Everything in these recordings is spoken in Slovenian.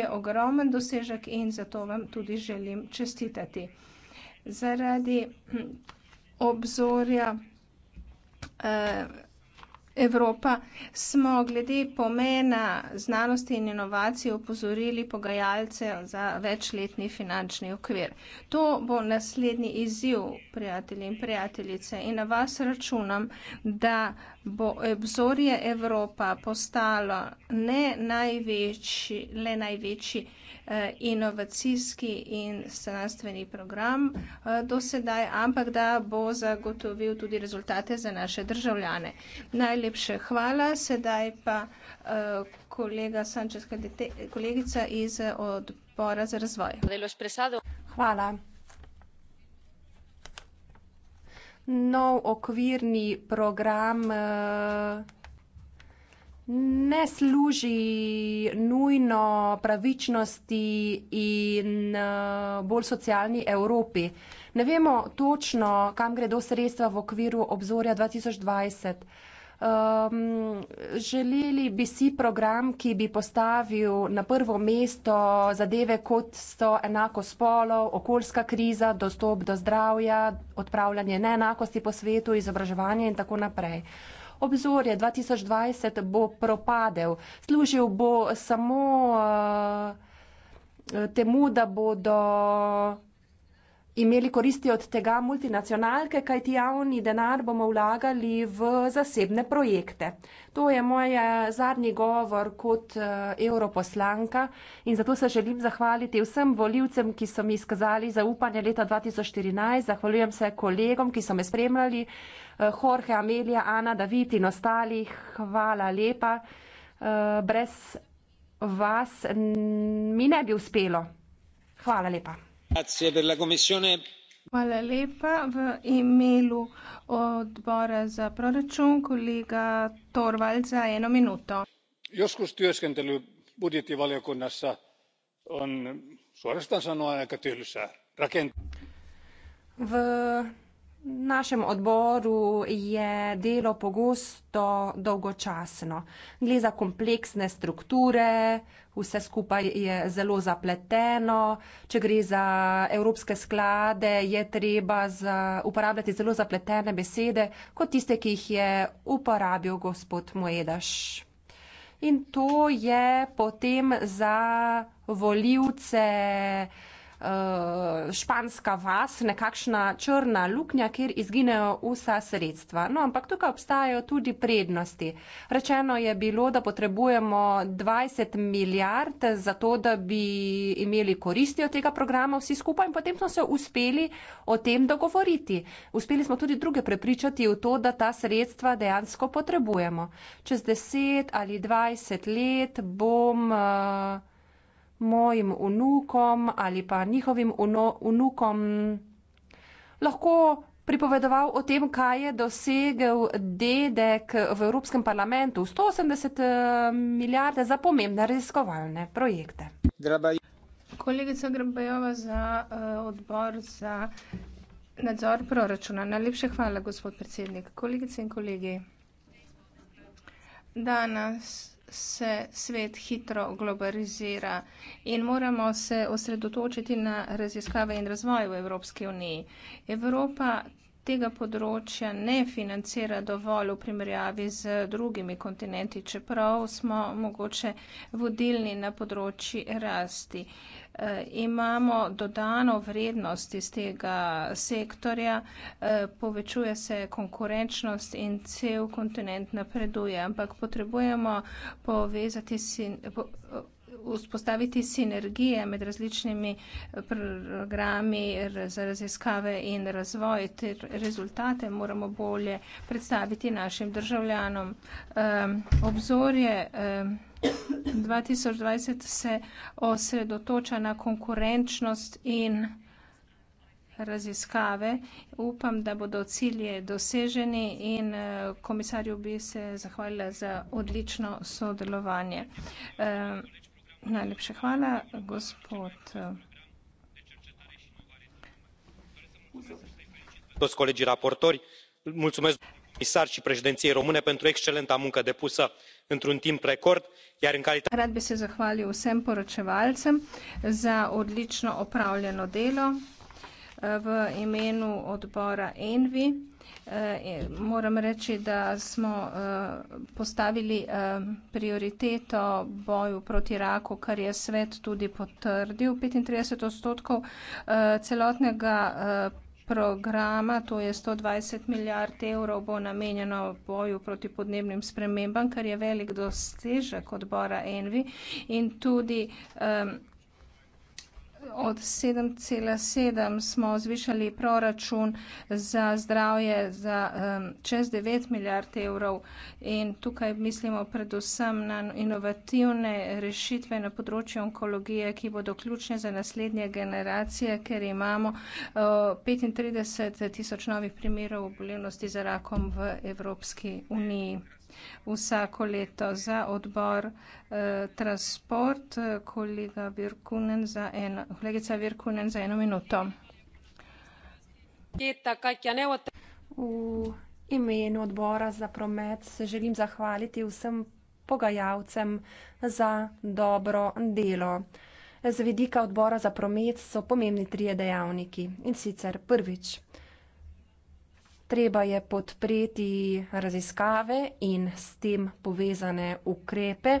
je ogromen dosežek in zato vam tudi želim čestitati. Zaradi hm, obzorja eh, Evropa. Smo glede pomena znanosti in inovacij upozorili pogajalce za večletni finančni okvir. To bo naslednji izziv, prijatelji in prijateljice. In na vas računam, da bo obzorje Evropa postalo ne največji, le največji. Eh, inovacijski in znanstveni program eh, do sedaj, ampak da bo zagotovil tudi rezultate za naše državljane. Najlepše hvala, sedaj pa eh, kolega Sanchez, kolegica iz odbora za razvoj. Hvala. Nov okvirni program ne služi nujno pravičnosti in eh, bolj socialni Evropi. Ne vemo točno, kam gredo sredstva v okviru obzorja 2020. Um, ehm, želeli bi si program, ki bi postavil na prvo mesto zadeve, kot so enako spolov, okoljska kriza, dostop do zdravja, odpravljanje neenakosti po svetu, izobraževanje in tako naprej. Uh, obzorje 2020 bo propadel. Služil bo samo uh, temu, da bodo imeli koristi od tega multinacionalke, kaj ti javni denar bomo vlagali v zasebne projekte. To je moj eh, zadnji govor kot eh, europoslanka in zato se želim zahvaliti vsem voljivcem, ki so mi izkazali zaupanje leta 2014. Zahvaljujem se kolegom, ki so me spremljali, eh, Jorge, Amelija, Ana, David in ostali. Hvala lepa. Brez vas mi ne bi uspelo. Hvala lepa. Hvala lepa. V imelu odbora za proračun kolega Torvald za eno minuto. Joskus työskentely budjettivaliokunnassa on suorastaan sanoa aika tylsää. V našem odboru je delo pogosto dolgočasno. Gre za kompleksne strukture, vse skupaj je zelo zapleteno. Če gre za evropske sklade, je treba za, uporabljati zelo zapletene besede, kot tiste, ki jih je uporabil gospod Moedaš. In to je potem za voljivce Eh, španska vas, nekakšna črna luknja, kjer izginejo vsa sredstva. No, ampak tukaj obstajajo tudi prednosti. Rečeno je bilo, da potrebujemo 20 milijard za to, da bi imeli koristi od tega programa vsi skupaj in potem smo se uspeli o tem dogovoriti. Uspeli smo tudi druge prepričati v to, da ta sredstva dejansko potrebujemo. Čez 10 ali 20 let bom uh, mojim unukom ali pa njihovim unukom lahko pripovedoval o tem, kaj je dosegel dedek v Evropskem parlamentu 180 eh, milijarde za pomembne raziskovalne projekte. Kolegica Grabajova za uh, odbor za nadzor proračuna. Najlepše hvala, gospod predsednik. Kolegice in kolegi, danes se svet hitro globalizira in moramo se osredotočiti na raziskave in razvoj v Evropski uniji. Evropa tega področja ne financira dovolj v primerjavi z drugimi kontinenti, čeprav smo mogoče vodilni na področji rasti. Eh, imamo dodano vrednost iz tega sektorja, eh, povečuje se konkurenčnost in cel kontinent napreduje, ampak potrebujemo povezati sin, po, vzpostaviti sinergije med različnimi programi za raziskave in razvoj ter rezultate moramo bolje predstaviti našim državljanom. Um, obzorje um, 2020 se osredotoča na konkurenčnost in raziskave. Upam, da bodo cilje doseženi in e, komisarju bi se zahvalila za odlično sodelovanje. Um, Najlepša hvala, gospod... toți colegii raportori, mulțumesc comisar și președinției române pentru excelenta muncă depusă într un timp record, iar în calitate... Rad bi se zahvalil vsem poročevalcem za odlično opravljeno delo. v imenu odbora ENVI... Eh, moram reči, da smo eh, postavili eh, prioriteto boju proti raku, kar je svet tudi potrdil. 35 odstotkov celotnega programa, to je 120 milijard evrov, bo namenjeno boju proti podnebnim spremembam, kar je velik dosežek odbora Envi in tudi od 7,7 smo zvišali proračun za zdravje za um, čez 9 milijard evrov in tukaj mislimo predvsem na inovativne rešitve na področju onkologije, ki bodo ključne za naslednje generacije, ker imamo uh, 35 tisoč novih primerov obolevnosti za rakom v Evropski uniji vsako leto za odbor eh, transport. Eh, kolega Virkunen za eno, kolegica Virkunen za eno minuto. V imenu odbora za promet se želim zahvaliti vsem pogajalcem za dobro delo. Z vedika odbora za promet so pomembni trije dejavniki in sicer prvič. Treba je podpreti raziskave in s tem povezane ukrepe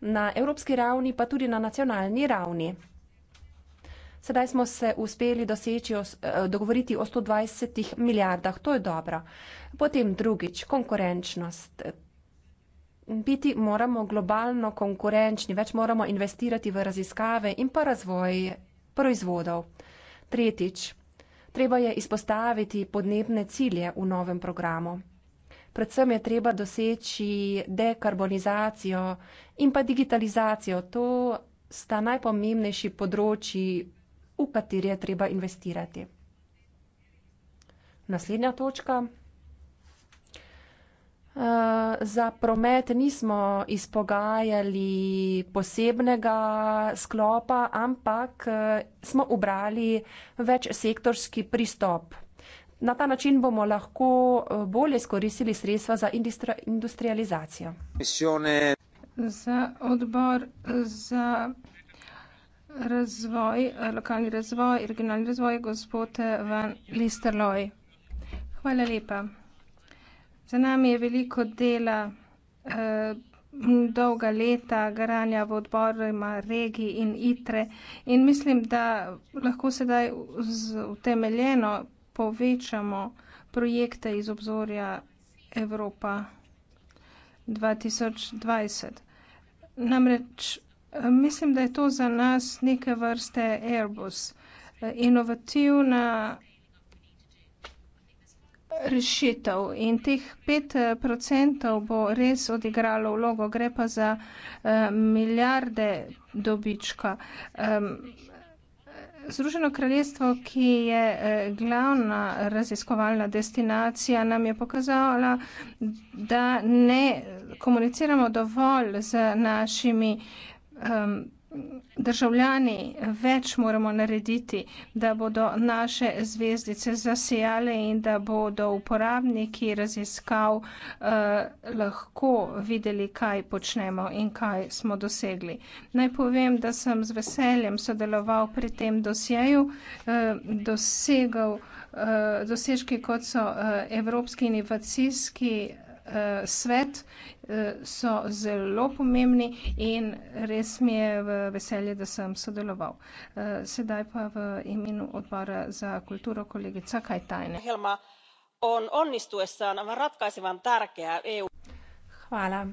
na evropski ravni, pa tudi na nacionalni ravni. Sedaj smo se uspeli doseči, eh, dogovoriti o 120 milijardah, to je dobro. Potem drugič, konkurenčnost. Biti moramo globalno konkurenčni, več moramo investirati v raziskave in pa razvoj proizvodov. Tretjič, Treba je izpostaviti podnebne cilje v novem programu. Predvsem je treba doseči dekarbonizacijo in pa digitalizacijo. To sta najpomembnejši področji, v kateri je treba investirati. Naslednja točka. Eh, za promet nismo izpogajali posebnega sklopa, ampak eh, smo ubrali večsektorski pristop. Na ta način bomo lahko eh, bolje skoristili sredstva za industri industrializacijo. Misione. Za odbor za razvoj, lokalni razvoj, regionalni razvoj, gospod Van Listerloj. Hvala lepa. Za nami je veliko dela, eh, dolga leta garanja v odborima regi in itre in mislim, da lahko sedaj z utemeljeno povečamo projekte iz obzorja Evropa 2020. Namreč eh, mislim, da je to za nas neke vrste Airbus. Eh, inovativna rešitev in teh 5% eh, bo res odigralo vlogo, gre pa za eh, milijarde dobička. Združeno kraljestvo, ki je eh, glavna raziskovalna destinacija, nam je pokazala, da ne komuniciramo dovolj z našimi državljani več moramo narediti, da bodo naše zvezdice zasejale in da bodo uporabniki raziskav eh, lahko videli, kaj počnemo in kaj smo dosegli. Naj povem, da sem z veseljem sodeloval pri tem dosjeju, eh, dosegal eh, dosežki, kot so eh, evropski inovacijski Eh, svet eh, so zelo pomembni in res mi je v veselje, da sem sodeloval. Eh, sedaj pa v imenu odbora za kulturo kolegica Kajtajne. on onnistuessaan aivan ratkaisevan tärkeä EU. Hvala.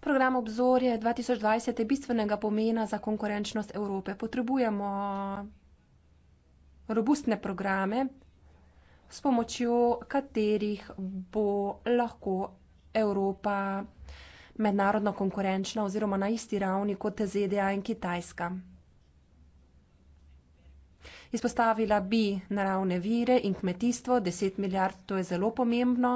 Program Obzorje 2020 je bistvenega pomena za konkurenčnost Evrope. Potrebujemo robustne programe, s pomočjo katerih bo lahko Evropa mednarodno konkurenčna oziroma na isti ravni kot ZDA in Kitajska. Izpostavila bi naravne vire in kmetijstvo, 10 milijard, to je zelo pomembno.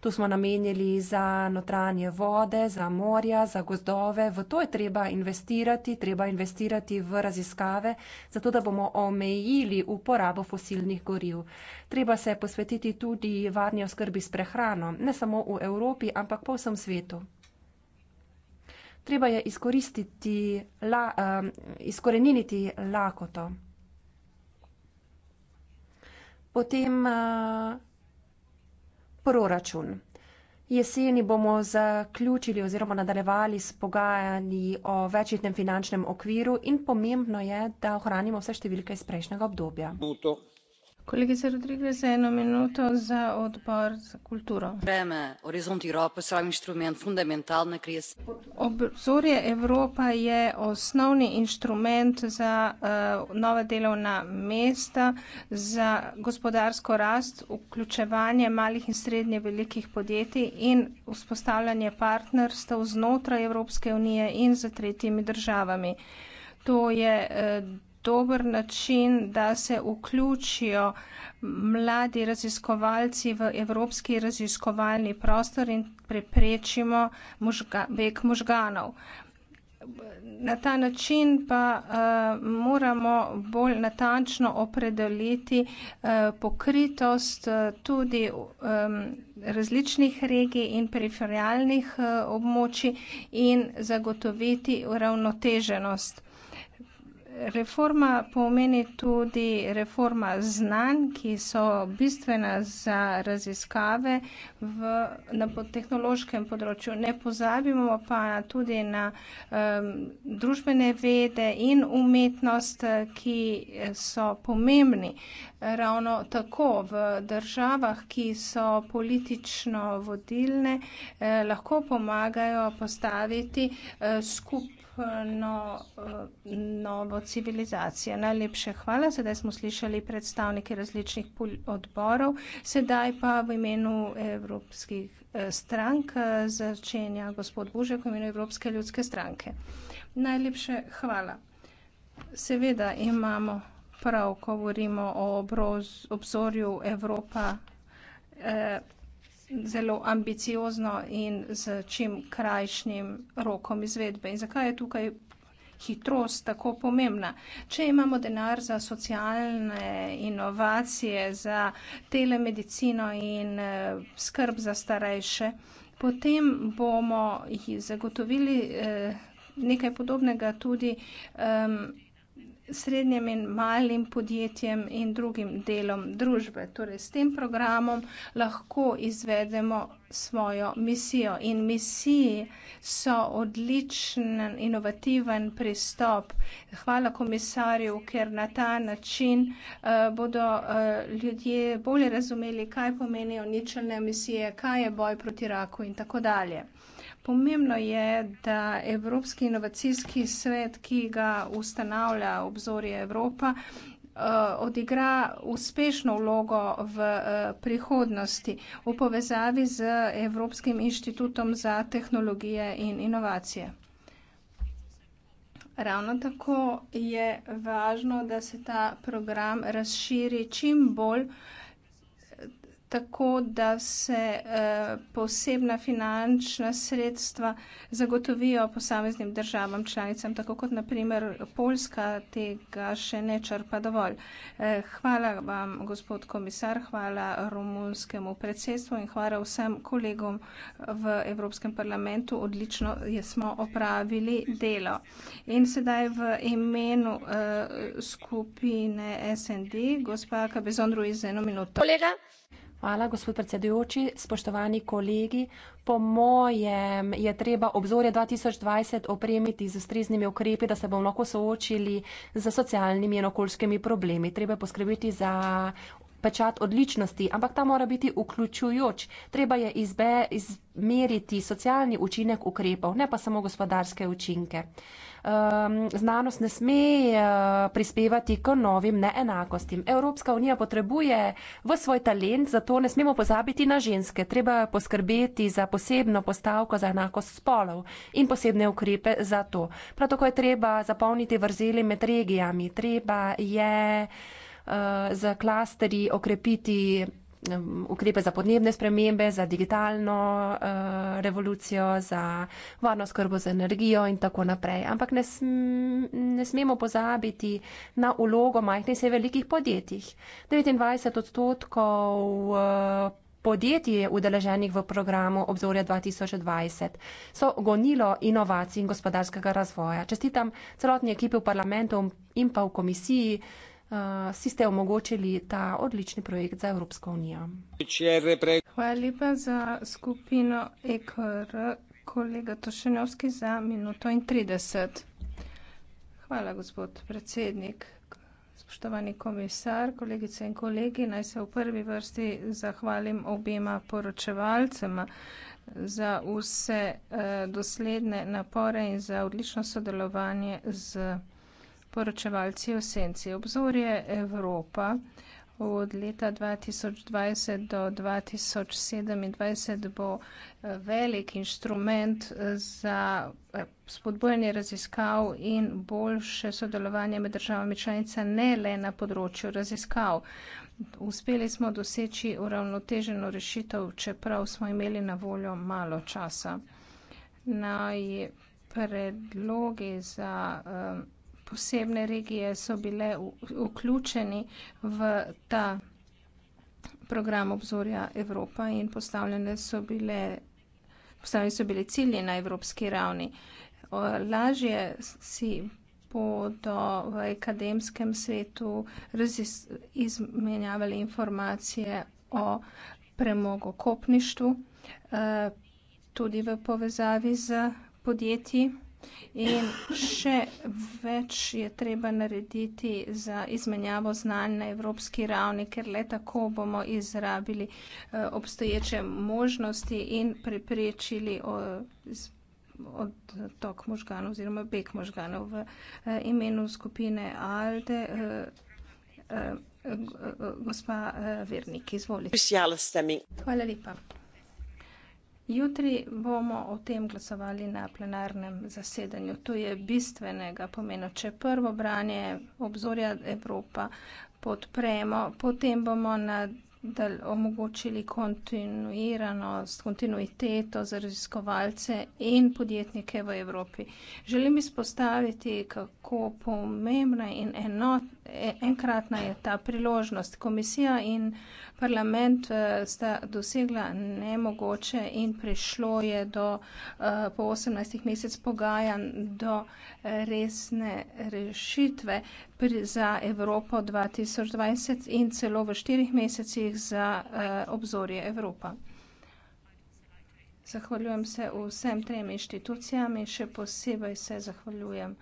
To smo namenili za notranje vode, za morja, za gozdove. V to je treba investirati, treba investirati v raziskave, zato da bomo omejili uporabo fosilnih goriv. Treba se posvetiti tudi varni oskrbi s prehrano, ne samo v Evropi, ampak po vsem svetu. Treba je la, um, izkoreniniti lakoto. Potem eh, proračun. Jeseni bomo zaključili oziroma nadaljevali s pogajanji o večjitnem finančnem okviru in pomembno je, da ohranimo vse številke iz prejšnjega obdobja. Minuto. Kolegica Rodrigues, eno minuto za odbor za kulturo. Breme, Horizont Evropa, sam um inštrument, fundamentalna kriza. Obzorje Evropa je osnovni inštrument za uh, eh, nove delovna mesta, za gospodarsko rast, vključevanje malih in srednje velikih podjetij in vzpostavljanje partnerstev znotraj Evropske unije in z tretjimi državami. To je uh, dober način, da se vključijo mladi raziskovalci v evropski raziskovalni prostor in preprečimo možga, beg možganov. Na ta način pa uh, moramo bolj natančno opredeliti uh, pokritost uh, tudi um, različnih regij in periferialnih uh, območij in zagotoviti uravnoteženost. Uh, Reforma pomeni tudi reforma znanj, ki so bistvena za raziskave v, na tehnološkem področju. Ne pozabimo pa tudi na um, družbene vede in umetnost, ki so pomembni. Ravno tako v državah, ki so politično vodilne, eh, lahko pomagajo postaviti eh, skupaj no, novo civilizacijo. Najlepše hvala. Sedaj smo slišali predstavnike različnih odborov. Sedaj pa v imenu evropskih eh, strank eh, začenja gospod Bužek v imenu Evropske ljudske stranke. Najlepše hvala. Seveda imamo prav, ko govorimo o obroz, obzorju Evropa. Eh, zelo ambiciozno in z čim krajšnjim rokom izvedbe. In zakaj je tukaj hitrost tako pomembna? Če imamo denar za socialne inovacije, za telemedicino in eh, skrb za starejše, potem bomo zagotovili eh, nekaj podobnega tudi. Um, srednjim in malim podjetjem in drugim delom družbe. Torej, s tem programom lahko izvedemo svojo misijo in misiji so odličen, inovativen pristop. Hvala komisarju, ker na ta način uh, bodo uh, ljudje bolje razumeli, kaj pomenijo ničelne misije, kaj je boj proti raku in tako dalje. Pomembno je, da Evropski inovacijski svet, ki ga ustanavlja obzorje Evropa, eh, odigra uspešno vlogo v eh, prihodnosti v povezavi z Evropskim inštitutom za tehnologije in inovacije. Ravno tako je važno, da se ta program razširi čim bolj uh, tako da se eh, posebna finančna sredstva zagotovijo posameznim državam članicam, tako kot naprimer Poljska tega še ne črpa dovolj. Eh, hvala vam, gospod komisar, hvala romunskemu predsedstvu in hvala vsem kolegom v Evropskem parlamentu. Odlično je, smo opravili delo. In sedaj v imenu eh, skupine SND, gospa Kabezon Ruiz, eno minuto. Kolega? Hvala, gospod predsedujoči. Spoštovani kolegi, po mojem je treba obzorje 2020 opremiti z ustreznimi ukrepi, da se bomo lahko soočili z socialnimi in okoljskimi problemi. Treba poskrbeti za pečat odličnosti, ampak ta mora biti vključujoč. Treba je izbe, izmeriti socialni učinek ukrepov, ne pa samo gospodarske učinke um, znanost ne sme uh, prispevati k novim neenakostim. Evropska unija potrebuje v svoj talent, zato ne smemo pozabiti na ženske. Treba poskrbeti za posebno postavko za enakost spolov in posebne ukrepe za to. Prav tako je treba zapolniti vrzeli med regijami. Treba je uh, eh, z klasteri okrepiti ukrepe za podnebne spremembe, za digitalno uh, revolucijo, za varno skrbo z energijo in tako naprej. Ampak ne, sm ne smemo pozabiti na ulogo majhnih in velikih podjetjih. 29 odstotkov uh, eh, Podjetji udeleženih v programu obzorja 2020 so gonilo inovacij in gospodarskega razvoja. Čestitam celotni ekipi v parlamentu in pa v komisiji, uh, si ste omogočili ta odlični projekt za Evropsko unijo. Hvala lepa za skupino EKR, kolega Tošenovski, za minuto in 30. Hvala, gospod predsednik. Spoštovani komisar, kolegice in kolegi, naj se v prvi vrsti zahvalim obima poročevalcema za vse eh, dosledne napore in za odlično sodelovanje z poročevalci v senci obzorje evropa od leta 2020 do 2027 bo eh, velik inštrument eh, za eh, spodbujanje raziskav in boljše sodelovanje med državami članicami ne le na področju raziskav. Uspeli smo doseči uravnoteženo rešitev, čeprav smo imeli na voljo malo časa. Naj predlogi za posebne regije so bile v, vključeni v ta program obzorja Evropa in postavljene so bile, postavljene so bile cilje na evropski ravni. Lažje si bodo v akademskem svetu razis, izmenjavali informacije o premogokopništvu, eh, tudi v povezavi z podjetji. In še več je treba narediti za izmenjavo znanj na evropski ravni, ker le tako bomo izrabili eh, obstoječe možnosti in preprečili odtok možganov oziroma beg možganov v eh, imenu skupine ALDE. Eh, gospa Vernik, izvolite. Hvala lepa. Jutri bomo o tem glasovali na plenarnem zasedanju. To je bistvenega pomena. Če prvo branje obzorja Evropa podpremo, potem bomo na da omogočili kontinuiranost, kontinuiteto za raziskovalce in podjetnike v Evropi. Želim izpostaviti, kako pomembna in enot, e, enkratna je ta priložnost. Komisija in parlament e, sta dosegla nemogoče in prišlo je do, e, po 18 mesec pogajanj do resne rešitve pri, za Evropo 2020 in celo v štirih mesecih projektih za eh, obzorje Evropa. Zahvaljujem se vsem trem inštitucijam in še posebej se zahvaljujem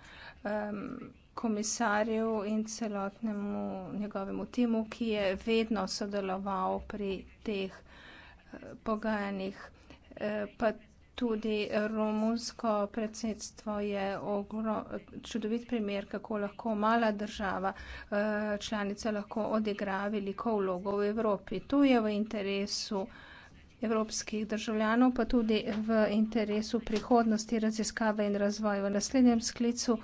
komisarju in celotnemu njegovemu timu, ki je vedno sodeloval pri teh eh, pogajanjih, eh, pa tudi tudi romunsko predsedstvo je ogro, čudovit primer, kako lahko mala država eh, članica lahko odigra veliko vlogo v Evropi. To je v interesu evropskih državljanov, pa tudi v interesu prihodnosti raziskave in razvoja. V naslednjem sklicu uh,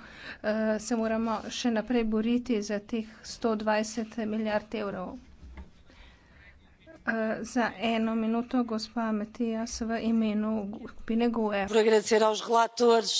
se moramo še naprej boriti za teh 120 milijard evrov. Za eno minuto, gospa Matija, v imenu Pinegoje. Obrigada, senhora, aos relatores.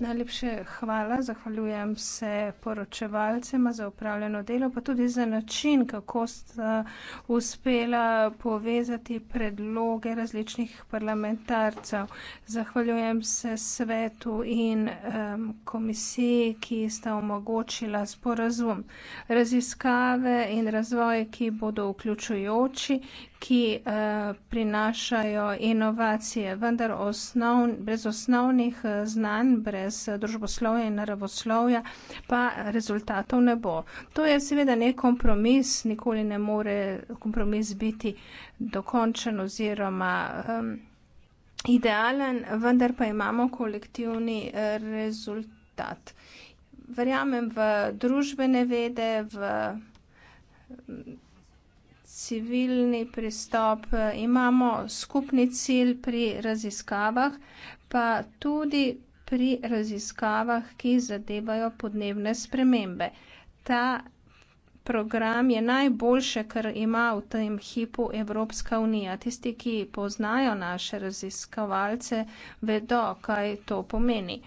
Najlepše hvala, zahvaljujem se poročevalcema za upravljeno delo, pa tudi za način, kako sta uspela povezati predloge različnih parlamentarcev. Zahvaljujem se svetu in um, komisiji, ki sta omogočila sporazum. Raziskave in razvoj, ki bodo vključujoči, ki uh, prinašajo inovacije, vendar osnovn, brez osnovnih uh, znanj, brez uh, družboslovja in naravoslovja pa rezultatov ne bo. To je seveda nek kompromis, nikoli ne more kompromis biti dokončen oziroma um, idealen, vendar pa imamo kolektivni uh, rezultat. Verjamem v družbene vede, v. Um, civilni pristop, eh, imamo skupni cilj pri raziskavah, pa tudi pri raziskavah, ki zadevajo podnebne spremembe. Ta program je najboljše, kar ima v tem hipu Evropska unija. Tisti, ki poznajo naše raziskovalce, vedo, kaj to pomeni.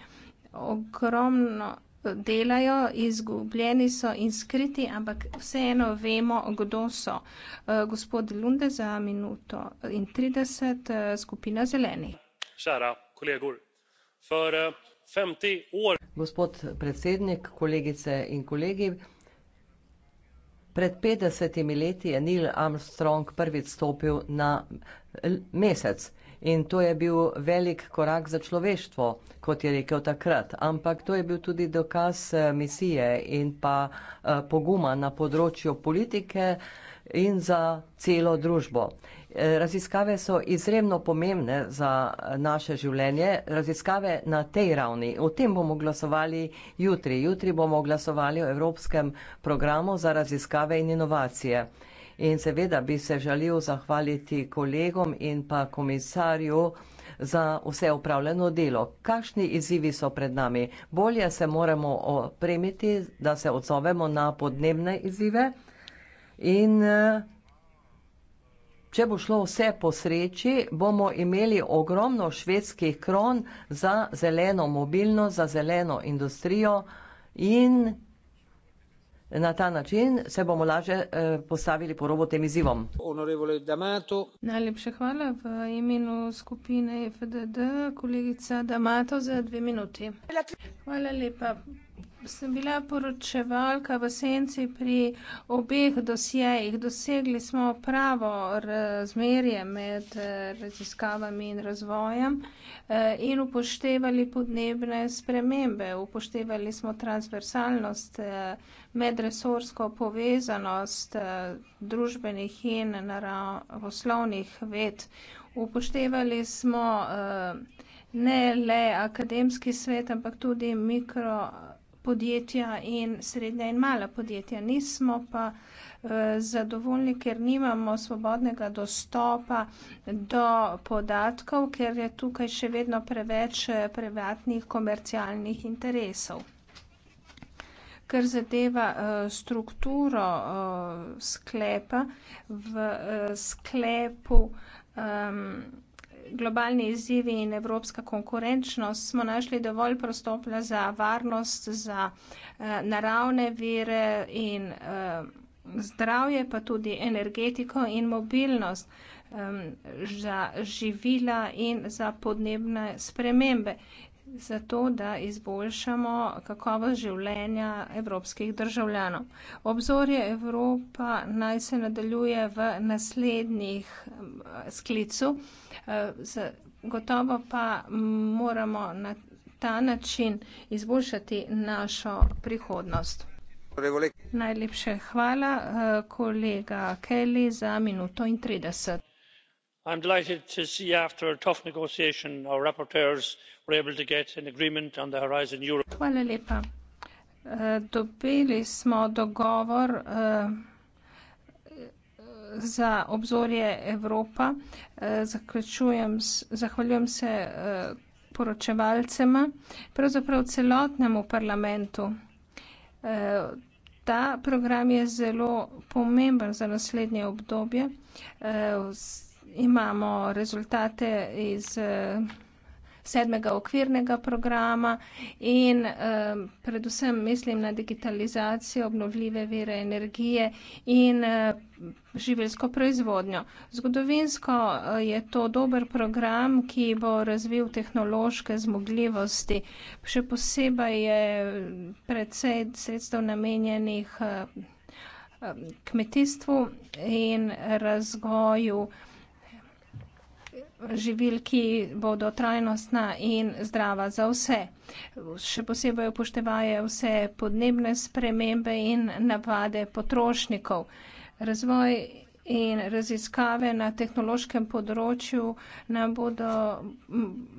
Ogromno delajo, izgubljeni so in skriti, ampak vseeno vemo, kdo so. Eh, gospod Lunde za minuto in 30, eh, skupina zeleni. Šara, kolegul, for 50 eh, år. Gospod predsednik, kolegice in kolegi, pred 50 leti je Neil Armstrong prvič stopil na mesec in to je bil velik korak za človeštvo, kot je rekel takrat. Ampak to je bil tudi dokaz eh, misije in pa eh, poguma na področju politike in za celo družbo. Eh, raziskave so izjemno pomembne za naše življenje, raziskave na tej ravni. O tem bomo glasovali jutri. Jutri bomo glasovali o Evropskem programu za raziskave in inovacije. In seveda bi se želel zahvaliti kolegom in pa komisarju za vse upravljeno delo. Kakšni izzivi so pred nami? Bolje se moramo opremiti, da se odzovemo na podnebne izzive. In eh, če bo šlo vse po sreči, bomo imeli ogromno švedskih kron za zeleno mobilnost, za zeleno industrijo in Na ta način se bomo lažje eh, postavili po robu tem izzivom. Najlepša hvala v imenu skupine FDD, kolegica Damato, za dve minuti. Hvala lepa. Sem bila poročevalka v senci pri obeh dosjejih. Dosegli smo pravo razmerje med eh, raziskavami in razvojem eh, in upoštevali podnebne spremembe. Upoštevali smo transversalnost, eh, medresorsko povezanost družbenih in naravoslovnih ved. Upoštevali smo ne le akademski svet, ampak tudi mikro podjetja in srednja in mala podjetja. Nismo pa eh, zadovoljni, ker nimamo svobodnega dostopa do podatkov, ker je tukaj še vedno preveč eh, privatnih komercialnih interesov. Kar zadeva eh, strukturo sklepa, v sklepu um, globalni izzivi in evropska konkurenčnost, smo našli dovolj prostopla za varnost, za eh, naravne vire in eh, zdravje, pa tudi energetiko in mobilnost za živila in za podnebne spremembe, zato da izboljšamo kakovost življenja evropskih državljanov. Obzorje Evropa naj se nadaljuje v naslednjih sklicu. Eh, z, gotovo pa moramo na ta način izboljšati našo prihodnost. Najlepše hvala, eh, kolega Kelly, za minuto in trideset. I'm delighted to see after a tough negotiation our rapporteurs were able to get an agreement on the Horizon Europe. Hvala lepa. Eh, dobili smo dogovor uh, za obzorje Evropa. Eh, zaključujem, zahvaljujem se eh, poročevalcema, pravzaprav celotnemu parlamentu. Eh, ta program je zelo pomemben za naslednje obdobje. Imamo rezultate iz sedmega okvirnega programa in um, predvsem mislim na digitalizacijo obnovljive vire energije in um, eh, živelsko proizvodnjo. Zgodovinsko uh, je to dober program, ki bo razvil tehnološke zmogljivosti. Še posebej je predvsej sredstev namenjenih uh, kmetijstvu in razvoju uh, živil, ki bodo trajnostna in zdrava za vse. Še posebej upoštevaje vse podnebne spremembe in navade potrošnikov. Razvoj in raziskave na tehnološkem področju nam, bodo,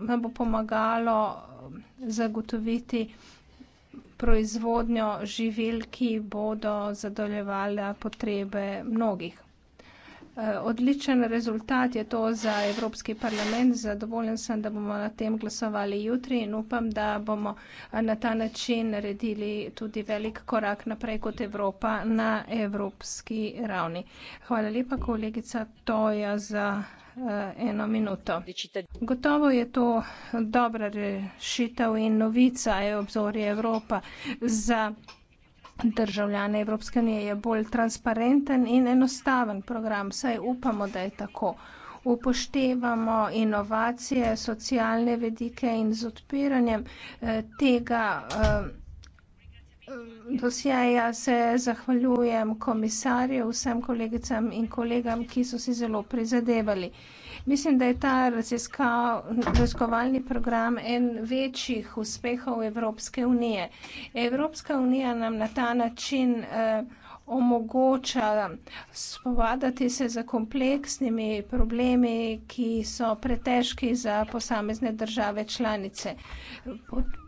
nam bo pomagalo zagotoviti proizvodnjo živil, ki bodo zadoljevala potrebe mnogih. Eh, odličen rezultat je to za Evropski parlament. Zadovoljen sem, da bomo na tem glasovali jutri in upam, da bomo eh, na ta način naredili tudi velik korak naprej kot Evropa na evropski ravni. Hvala lepa, kolegica Toja, za eh, eno minuto. Gotovo je to dobra rešitev in novica je obzorje Evropa za državljane Evropske unije je bolj transparenten in enostaven program, saj upamo, da je tako. Upoštevamo inovacije, socialne vedike in z odpiranjem eh, tega eh, dosjeja se zahvaljujem komisarju, vsem kolegicam in kolegam, ki so si zelo prizadevali. Mislim, da je ta raziskovalni program en večjih uspehov Evropske unije. Evropska unija nam na ta način. Uh, omogoča spovadati se za kompleksnimi problemi, ki so pretežki za posamezne države članice.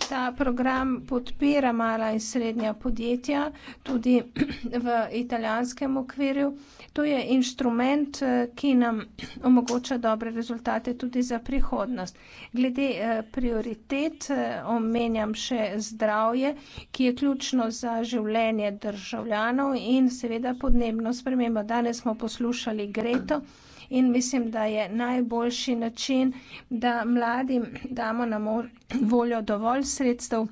Ta program podpira mala in srednja podjetja, tudi v italijanskem okvirju. To je inštrument, ki nam omogoča dobre rezultate tudi za prihodnost. Glede eh, prioritet eh, omenjam še zdravje, ki je ključno za življenje državljanov in seveda podnebno spremembo. Danes smo poslušali Greto in mislim, da je najboljši način, da mladim damo na voljo dovolj sredstev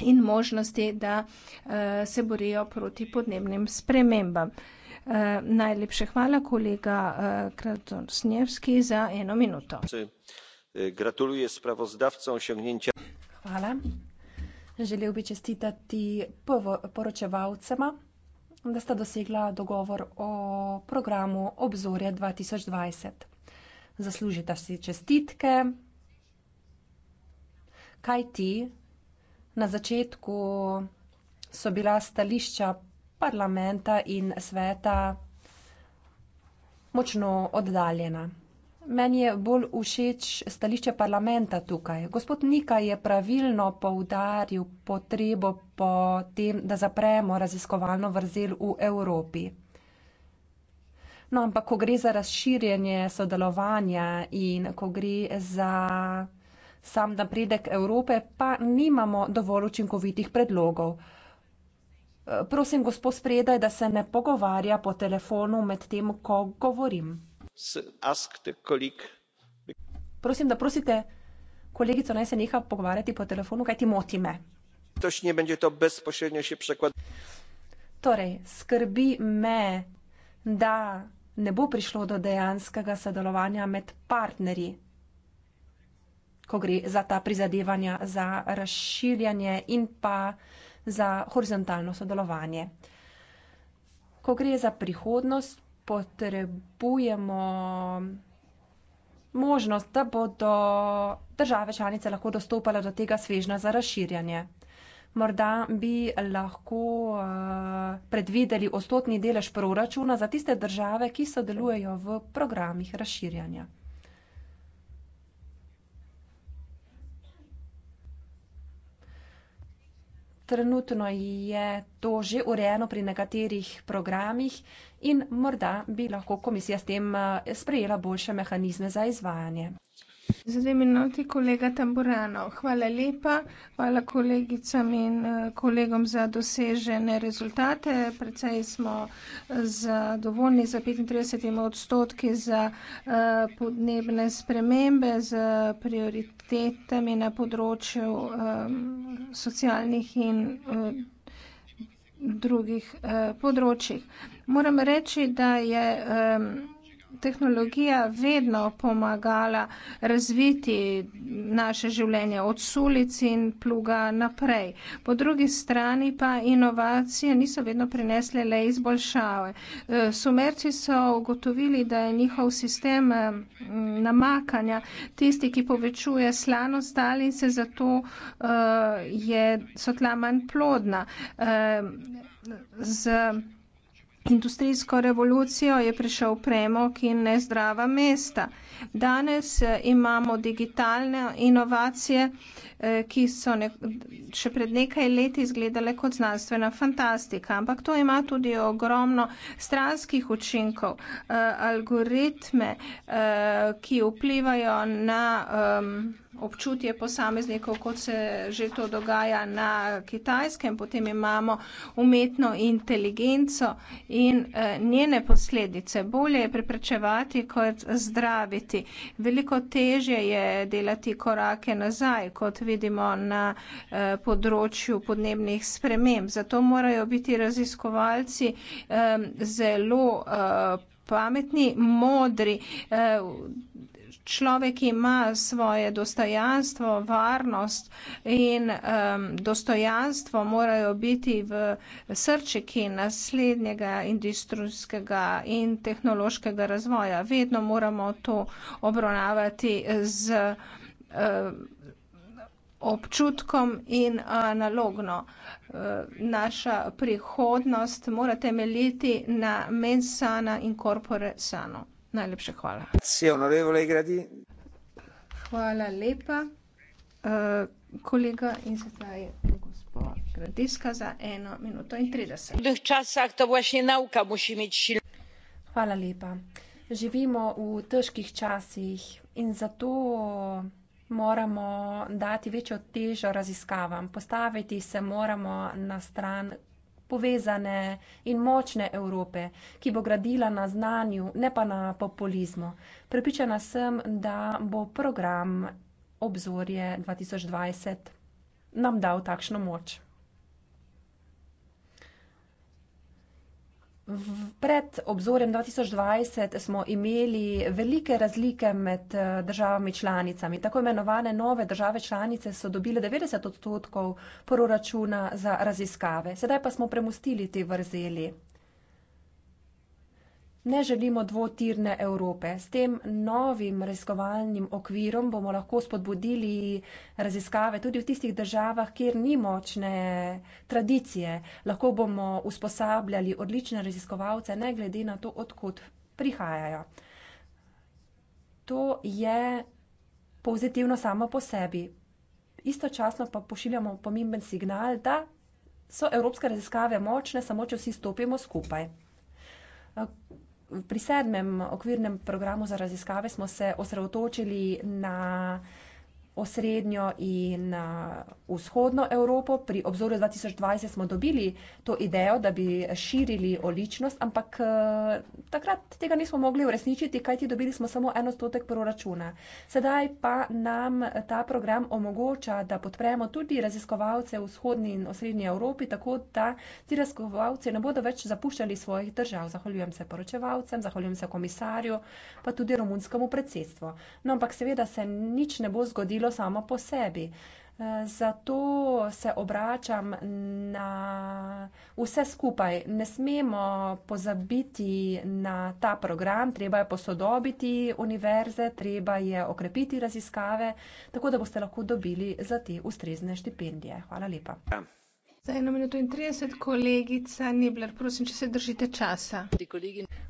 in možnosti, da uh, se borijo proti podnebnim spremembam. Uh, najlepše hvala, kolega uh, eh, Kratosnjevski, za eno minuto. Hvala. Želel bi čestitati poročevalcema da sta dosegla dogovor o programu obzorja 2020. Zaslužita si čestitke, kaj ti na začetku so bila stališča parlamenta in sveta močno oddaljena. Meni je bolj všeč stališče parlamenta tukaj. Gospod Nika je pravilno poudaril potrebo po tem, da zapremo raziskovalno vrzel v Evropi. No, ampak ko gre za razširjenje sodelovanja in ko gre za sam napredek Evrope, pa nimamo dovolj učinkovitih predlogov. Prosim, gospod spredaj, da se ne pogovarja po telefonu med tem, ko govorim. Prosim, da prosite kolegico, naj se neha pogovarjati po telefonu, kajti moti me. Torej, skrbi me, da ne bo prišlo do dejanskega sodelovanja med partnerji, ko gre za ta prizadevanja za razširjanje in pa za horizontalno sodelovanje. Ko gre za prihodnost, potrebujemo možnost, da bodo države članice lahko dostopale do tega svežna za razširjanje. Morda bi lahko uh, predvideli ostotni delež proračuna za tiste države, ki sodelujejo v programih razširjanja. trenutno je to že urejeno pri nekaterih programih in morda bi lahko komisija s tem eh, sprejela boljše mehanizme za izvajanje. Za dve minuti kolega Tamburano. Hvala lepa. Hvala kolegicam in eh, kolegom za dosežene rezultate. Predvsej smo eh, zadovoljni za 35 odstotki za eh, podnebne spremembe, z prioritetami na področju socialnih in drugih področjih. Moram reči, da je tehnologija vedno pomagala razviti naše življenje od sulic in pluga naprej. Po drugi strani pa inovacije niso vedno prinesle le izboljšave. E, Sumerci so ugotovili, da je njihov sistem e, namakanja tisti, ki povečuje slanost tal in se zato e, je, so tla manj plodna. Z industrijsko revolucijo je prišel premog in nezdrava mesta. Danes eh, imamo digitalne inovacije, eh, ki so ne, še pred nekaj leti izgledale kot znanstvena fantastika, ampak to ima tudi ogromno stranskih učinkov, eh, algoritme, ki vplivajo na občutje posameznikov, kot se že to dogaja na kitajskem, potem imamo umetno inteligenco in njene posledice. Bolje je preprečevati, kot zdraviti smrti. Veliko težje je delati korake nazaj, kot vidimo na eh, področju podnebnih sprememb. Zato morajo biti raziskovalci eh, zelo eh, pametni, modri. Eh, človek ima svoje dostojanstvo, varnost in um, dostojanstvo morajo biti v srčiki naslednjega industrijskega in tehnološkega razvoja. Vedno moramo to obravnavati z uh, občutkom in analogno. Uh, naša prihodnost mora temeljiti na mens sana in corpore sano. Najlepša hvala. Hvala lepa. Eh, kolega in sedaj gospa Gradiska za eno minuto in trideset. Hvala lepa. Živimo v težkih časih in zato moramo dati večjo težo raziskavam. Postaviti se moramo na stran povezane in močne Evrope, ki bo gradila na znanju, ne pa na populizmu. Prepričana sem, da bo program obzorje 2020 nam dal takšno moč. Pred obzorjem 2020 smo imeli velike razlike med eh, državami članicami. Tako imenovane nove države članice so dobile 90 odstotkov proračuna za raziskave. Sedaj pa smo premustili te vrzeli. Ne želimo dvotirne Evrope. S tem novim raziskovalnim okvirom bomo lahko spodbudili raziskave tudi v tistih državah, kjer ni močne tradicije. Lahko bomo usposabljali odlične raziskovalce, ne glede na to, odkud prihajajo. To je pozitivno samo po sebi. Istočasno pa pošiljamo pomemben signal, da so evropske raziskave močne, samo če vsi stopimo skupaj pri sedmem okvirnem programu za raziskave smo se osredotočili na osrednjo in vzhodno Evropo. Pri obzorju 2020 smo dobili to idejo, da bi širili oličnost, ampak takrat tega nismo mogli uresničiti, kajti dobili smo samo en odstotek proračuna. Sedaj pa nam ta program omogoča, da podpremo tudi raziskovalce v vzhodni in osrednji Evropi, tako da ti raziskovalci ne bodo več zapuščali svojih držav. Zahvaljujem se poročevalcem, zahvaljujem se komisarju, pa tudi romunskemu predsedstvu. No, ampak seveda se nič ne bo zgodilo, zgodilo samo po sebi. Eh, zato se obračam na vse skupaj. Ne smemo pozabiti na ta program, treba je posodobiti univerze, treba je okrepiti raziskave, tako da boste lahko dobili za te ustrezne štipendije. Hvala lepa. Ja. Za eno minuto in 30, kolegica Nibler, prosim, če se držite časa.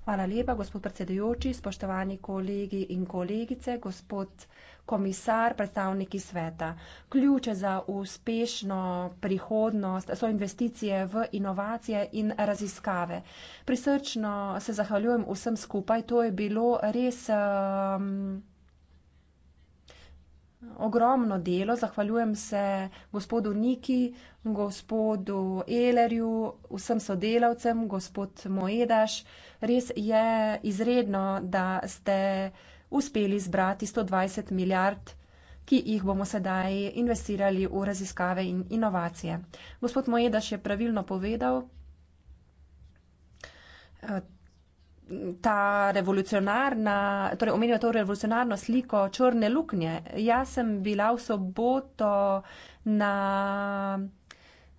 Hvala lepa, gospod predsedujoči, spoštovani kolegi in kolegice, gospod komisar, predstavniki sveta. Ključe za uspešno prihodnost so investicije v inovacije in raziskave. Prisrčno se zahvaljujem vsem skupaj, to je bilo res. Um, Ogromno delo, zahvaljujem se gospodu Niki, gospodu Elerju, vsem sodelavcem, gospod Moedaš. Res je izredno, da ste uh, uspeli zbrati 120 milijard, ki jih bomo sedaj investirali v raziskave in inovacije. Gospod Mojedaš je pravilno povedal, ta revolucionarna, torej omenjajo to revolucionarno sliko črne luknje. Jaz sem bila v soboto na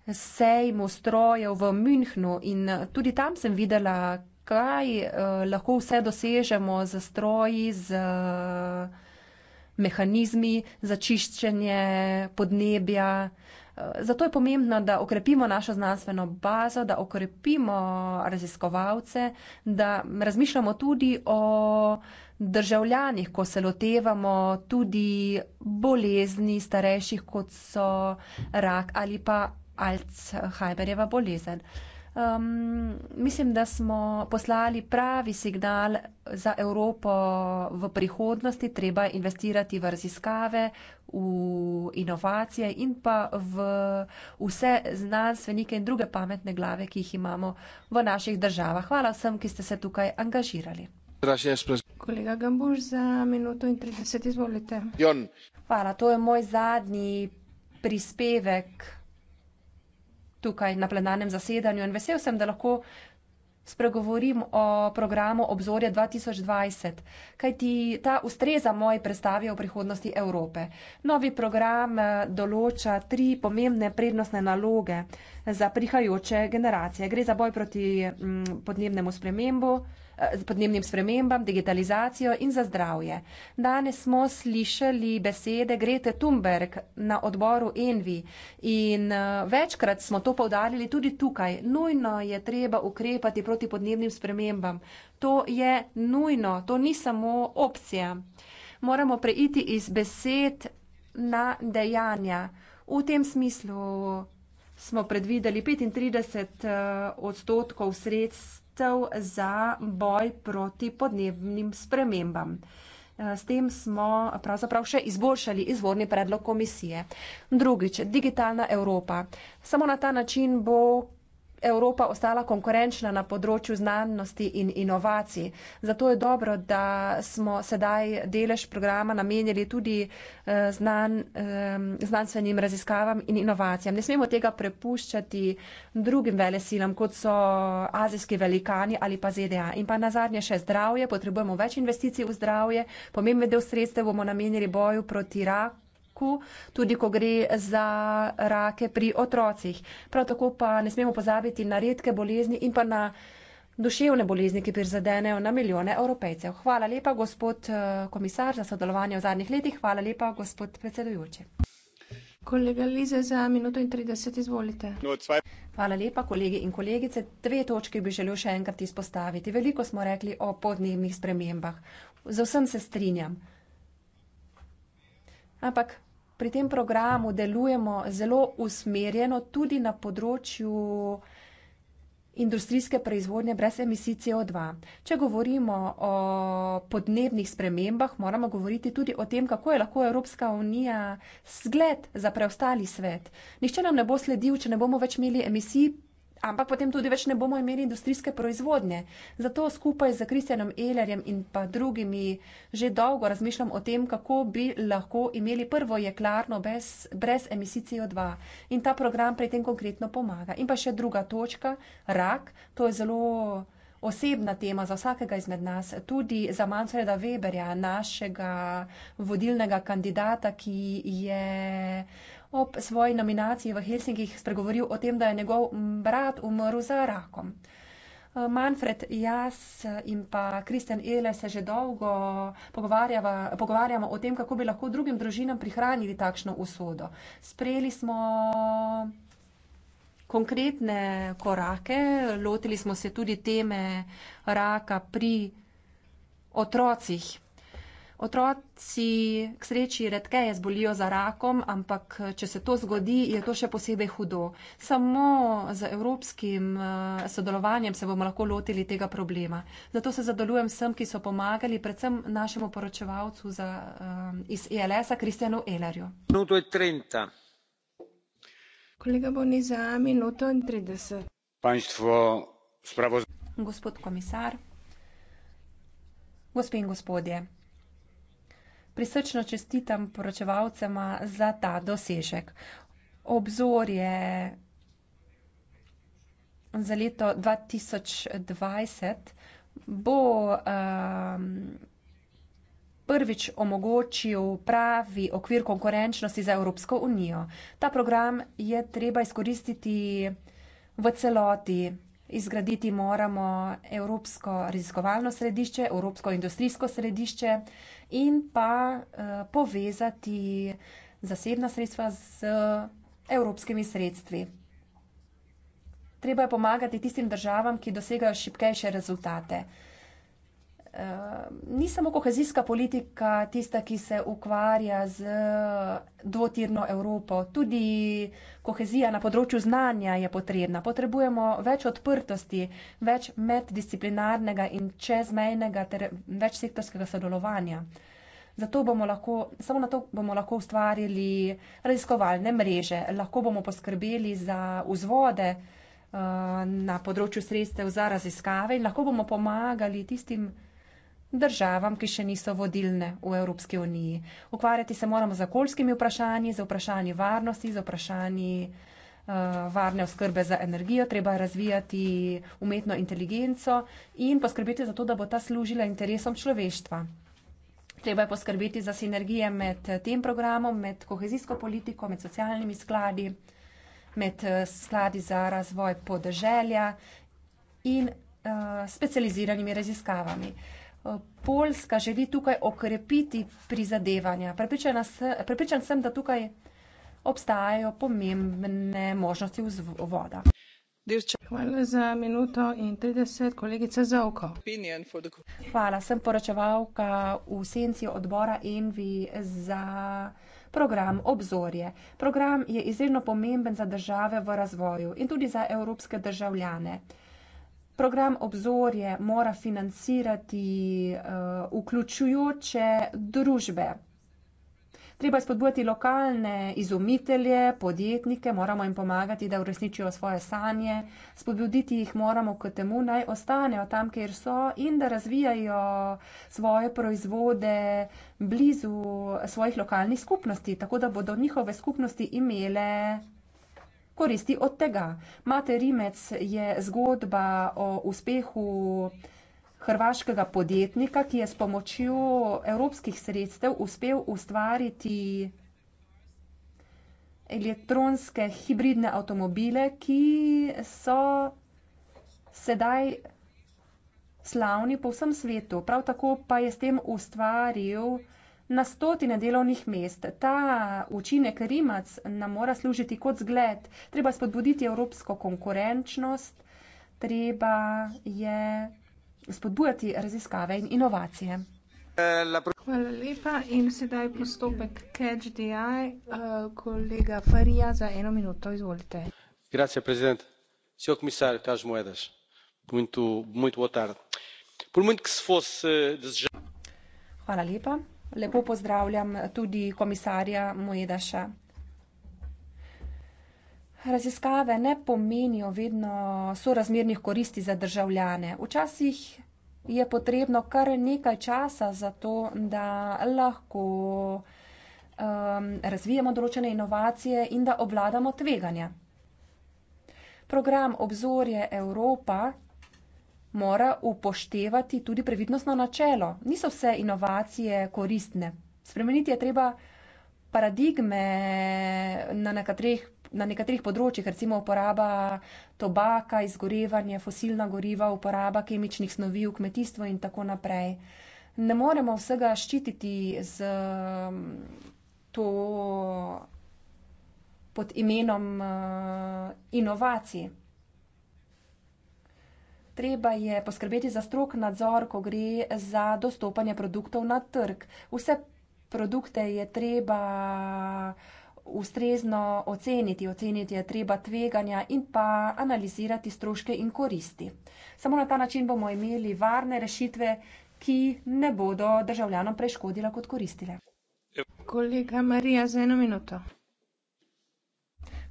sejmu strojev v Münchnu in tudi tam sem videla, kaj uh, lahko vse dosežemo z stroji, z uh, mehanizmi za čiščenje podnebja. Eh, zato je pomembno, da okrepimo našo znanstveno bazo, da okrepimo raziskovalce, da razmišljamo tudi o državljanih, ko se lotevamo tudi bolezni starejših, kot so rak ali pa Alzheimerjeva bolezen. Uh, Um, mislim, da smo poslali pravi signal za Evropo v prihodnosti. Treba investirati v raziskave, v inovacije in pa v vse znanstvenike in druge pametne glave, ki jih imamo v naših državah. Hvala vsem, ki ste se tukaj angažirali. Kolega Gambuž, za minuto in 30 izvolite. Jon. Hvala, to je moj zadnji prispevek tukaj na plenarnem zasedanju in vesel sem, da lahko spregovorim o programu Obzorje 2020, kajti ta ustreza moji predstavi o prihodnosti Evrope. Novi program eh, določa tri pomembne prednostne naloge za prihajajoče generacije. Gre za boj proti mm, podnebnemu spremembu, z podnebnim spremembam, digitalizacijo in za zdravje. Danes smo slišali besede Grete Thunberg na odboru Envi in eh, večkrat smo to povdarjali tudi tukaj. Nujno je treba ukrepati proti podnebnim spremembam. To je nujno, to ni samo opcija. Moramo preiti iz besed na dejanja. V tem smislu smo predvideli 35 eh, odstotkov sredstv sredstev za boj proti podnebnim spremembam. Eh, s tem smo pravzaprav še izboljšali izvorni predlog komisije. Drugič, digitalna Evropa. Samo na ta način bo Evropa ostala konkurenčna na področju znanosti in inovacij. Zato je dobro, da smo sedaj delež programa namenili tudi eh, znan, eh, znanstvenim raziskavam in inovacijam. Ne smemo tega prepuščati drugim velesilam, kot so azijski velikani ali pa ZDA. In pa nazadnje še zdravje. Potrebujemo več investicij v zdravje. Pomemben del sredstev bomo namenili boju proti raku lahko, tudi ko gre za rake pri otrocih. Prav tako pa ne smemo pozabiti na redke bolezni in pa na duševne bolezni, ki prizadenejo na milijone evropejcev. Hvala lepa, gospod eh, komisar, za sodelovanje v zadnjih letih. Hvala lepa, gospod predsedujoči. Kolega Lize, za minuto in 30 izvolite. No, Hvala lepa, kolegi in kolegice. Dve točke bi želel še enkrat izpostaviti. Veliko smo rekli o podnebnih spremembah. Z vsem se strinjam. Ampak pri tem programu delujemo zelo usmerjeno tudi na področju industrijske proizvodnje brez emisij CO2. Če govorimo o podnebnih spremembah, moramo govoriti tudi o tem, kako je lahko Evropska unija zgled za preostali svet. Nihče nam ne bo sledil, če ne bomo več imeli emisij ampak potem tudi več ne bomo imeli industrijske proizvodnje. Zato skupaj z Kristjanom Ehlerjem in pa drugimi že dolgo razmišljam o tem, kako bi lahko imeli prvo jeklarno brez, brez emisij CO2. In ta program pri tem konkretno pomaga. In pa še druga točka, rak, to je zelo osebna tema za vsakega izmed nas, tudi za Manfreda Weberja, našega vodilnega kandidata, ki je ob svoji nominaciji v Helsinkih spregovoril o tem, da je njegov brat umrl za rakom. Eh, Manfred, jaz in pa Kristjan Ele se že dolgo pogovarjamo o tem, kako bi lahko drugim družinam prihranili takšno usodo. Sprejeli smo konkretne korake, lotili smo se tudi teme raka pri otrocih. Otroci k sreči redkeje zbolijo za rakom, ampak eh, če se to zgodi, je to še posebej hudo. Samo z evropskim eh, sodelovanjem se bomo lahko lotili tega problema. Zato se zadolujem vsem, ki so pomagali, predvsem našemu poročevalcu za, eh, iz ELS-a, Kristjanu Elerju. Minuto je 30. Kolega Boni za minuto in 30. Panjstvo spravo. Gospod komisar, gospe in gospodje prisrčno čestitam poročevalcema za ta dosežek. Obzorje za leto 2020 bo um, prvič omogočil pravi okvir konkurenčnosti za Evropsko unijo. Ta program je treba izkoristiti v celoti. Izgraditi moramo Evropsko raziskovalno središče, Evropsko industrijsko središče in pa eh, povezati zasebna sredstva z evropskimi sredstvi. Treba je pomagati tistim državam, ki dosegajo šibkejše rezultate ni samo kohezijska politika tista, ki se ukvarja z dvotirno Evropo, tudi kohezija na področju znanja je potrebna. Potrebujemo več odprtosti, več meddisciplinarnega in čezmejnega ter več sektorskega sodelovanja. Zato bomo lahko, samo na to bomo lahko ustvarili raziskovalne mreže, lahko bomo poskrbeli za vzvode uh, na področju sredstev za raziskave in lahko bomo pomagali tistim, državam, ki še niso vodilne v Evropski uniji. Ukvarjati se moramo z okoljskimi vprašanji, z vprašanji varnosti, z vprašanji eh, varne oskrbe za energijo, treba razvijati umetno inteligenco in poskrbeti za to, da bo ta služila interesom človeštva. Treba je poskrbeti za sinergije med eh, tem programom, med kohezijsko politiko, med socialnimi skladi, med eh, skladi za razvoj podeželja in uh, specializiranimi raziskavami. Uh, Poljska želi tukaj okrepiti prizadevanja. Prepričana se, prepričan sem, da tukaj obstajajo pomembne možnosti v voda. Hvala za minuto in 30, kolegica za oko. Hvala, sem poročevalka v senci odbora Envi za program Obzorje. Program je izredno pomemben za države v razvoju in tudi za evropske državljane. Program obzorje mora financirati eh, vključujoče družbe. Treba je spodbujati lokalne izumitelje, podjetnike, moramo jim pomagati, da uresničijo svoje sanje, spodbuditi jih moramo k temu, naj ostanejo tam, kjer so in da razvijajo svoje proizvode blizu svojih lokalnih skupnosti, tako da bodo njihove skupnosti imele koristi od tega. Mate Rimec je zgodba o uspehu hrvaškega podjetnika, ki je s pomočjo evropskih sredstev uspel ustvariti elektronske hibridne avtomobile, ki so sedaj slavni po vsem svetu. Prav tako pa je s tem ustvaril na stotine delovnih mest. Ta učinek Rimac nam mora služiti kot zgled. Treba spodbuditi evropsko konkurenčnost, treba je spodbujati raziskave in inovacije. Hvala lepa in sedaj postopek CatchDI, eh, kolega Farija, za eno minuto, izvolite. Grazie, predsednik. Sio komisar, kaž mu edes. Muito, muito boa tarde. Por muito que se fosse desejado. Hvala lepa. Lepo pozdravljam tudi komisarja Mojedaša. Raziskave ne pomenijo vedno sorazmernih koristi za državljane. Včasih je potrebno kar nekaj časa za to, da lahko um, razvijemo določene inovacije in da obvladamo tveganja. Program Obzorje Evropa, mora upoštevati tudi previdnostno načelo. Niso vse inovacije koristne. Spremeniti je treba paradigme na nekaterih, na nekaterih področjih, recimo uporaba tobaka, izgorevanje, fosilna goriva, uporaba kemičnih snovi v kmetijstvu in tako naprej. Ne moremo vsega ščititi z to pod imenom inovacij. Treba je poskrbeti za strok nadzor, ko gre za dostopanje produktov na trg. Vse produkte je treba ustrezno oceniti, oceniti je treba tveganja in pa analizirati stroške in koristi. Samo na ta način bomo imeli varne rešitve, ki ne bodo državljanom preškodile kot koristile. Kolega Marija, za eno minuto.